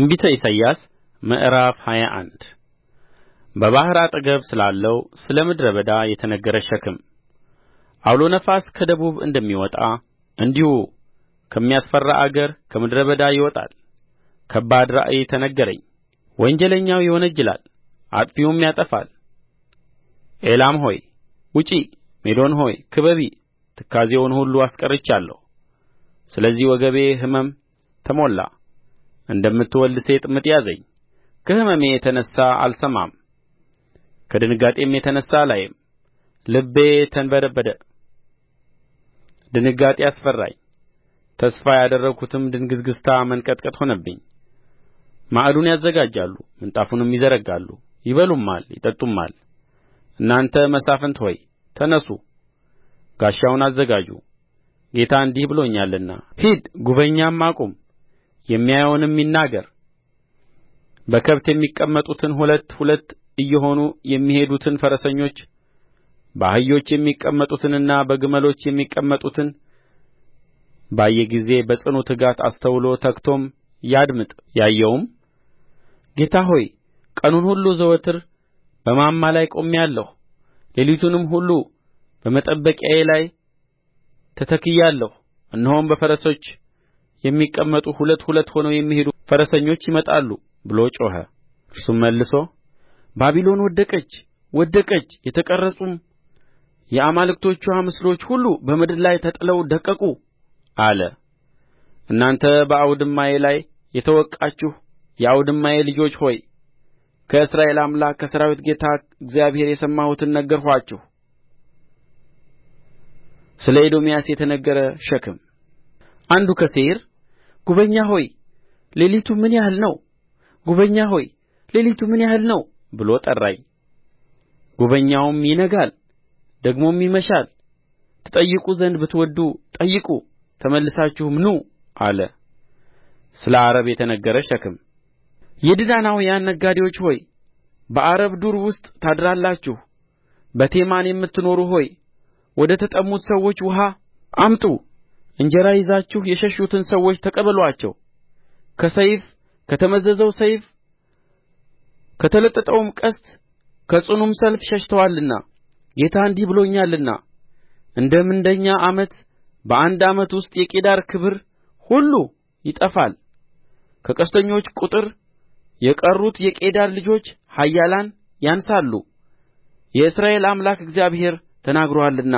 ትንቢተ ኢሳይያስ ምዕራፍ ሃያ አንድ በባሕር አጠገብ ስላለው ስለ ምድረ በዳ የተነገረ ሸክም ዐውሎ ነፋስ ከደቡብ እንደሚወጣ እንዲሁ ከሚያስፈራ አገር ከምድረ በዳ ይወጣል ከባድ ራእይ ተነገረኝ ወንጀለኛው ይወነጅላል አጥፊውም ያጠፋል ኤላም ሆይ ውጪ ሜዶን ሆይ ክበቢ ትካዜውን ሁሉ አስቀርቻለሁ ስለዚህ ወገቤ ሕመም ተሞላ እንደምትወልድ ሴት ምጥ ያዘኝ ከሕመሜ የተነሣ አልሰማም ከድንጋጤም የተነሣ አላይም ልቤ ተንበደበደ ድንጋጤ አስፈራኝ ተስፋ ያደረግሁትም ድንግዝግዝታ መንቀጥቀጥ ሆነብኝ ማዕዱን ያዘጋጃሉ ምንጣፉንም ይዘረጋሉ ይበሉማል ይጠጡማል እናንተ መሳፍንት ሆይ ተነሡ ጋሻውን አዘጋጁ ጌታ እንዲህ ብሎኛልና ሂድ ጉበኛም አቁም የሚያየውንም ይናገር በከብት የሚቀመጡትን ሁለት ሁለት እየሆኑ የሚሄዱትን ፈረሰኞች በአህዮች የሚቀመጡትንና በግመሎች የሚቀመጡትን ባየ ጊዜ በጽኑ ትጋት አስተውሎ ተግቶም ያድምጥ ያየውም ጌታ ሆይ ቀኑን ሁሉ ዘወትር በማማ ላይ ቆሜአለሁ ሌሊቱንም ሁሉ በመጠበቂያዬ ላይ ተተክያለሁ እነሆም በፈረሶች የሚቀመጡ ሁለት ሁለት ሆነው የሚሄዱ ፈረሰኞች ይመጣሉ ብሎ ጮኸ እርሱም መልሶ ባቢሎን ወደቀች ወደቀች የተቀረጹም የአማልክቶችዋ ምስሎች ሁሉ በምድር ላይ ተጥለው ደቀቁ አለ እናንተ በአውድማዬ ላይ የተወቃችሁ የአውድማዬ ልጆች ሆይ ከእስራኤል አምላክ ከሠራዊት ጌታ እግዚአብሔር የሰማሁትን ነገርኋችሁ ስለ ኤዶምያስ የተነገረ ሸክም አንዱ ከሴይር ጉበኛ ሆይ ሌሊቱ ምን ያህል ነው ጉበኛ ሆይ ሌሊቱ ምን ያህል ነው ብሎ ጠራኝ ጉበኛውም ይነጋል ደግሞም ይመሻል ትጠይቁ ዘንድ ብትወድዱ ጠይቁ ተመልሳችሁም ኑ አለ ስለ ዓረብ የተነገረ ሸክም የድዳናውያን ነጋዴዎች ሆይ በዓረብ ዱር ውስጥ ታድራላችሁ በቴማን የምትኖሩ ሆይ ወደ ተጠሙት ሰዎች ውኃ አምጡ እንጀራ ይዛችሁ የሸሹትን ሰዎች ተቀበሉአቸው ከሰይፍ ከተመዘዘው ሰይፍ ከተለጠጠውም ቀስት ከጽኑም ሰልፍ ሸሽተዋልና ጌታ እንዲህ ብሎኛልና እንደ ምንደኛ ዓመት በአንድ ዓመት ውስጥ የቄዳር ክብር ሁሉ ይጠፋል ከቀስተኞች ቍጥር የቀሩት የቄዳር ልጆች ኃያላን ያንሳሉ የእስራኤል አምላክ እግዚአብሔር ተናግሮአልና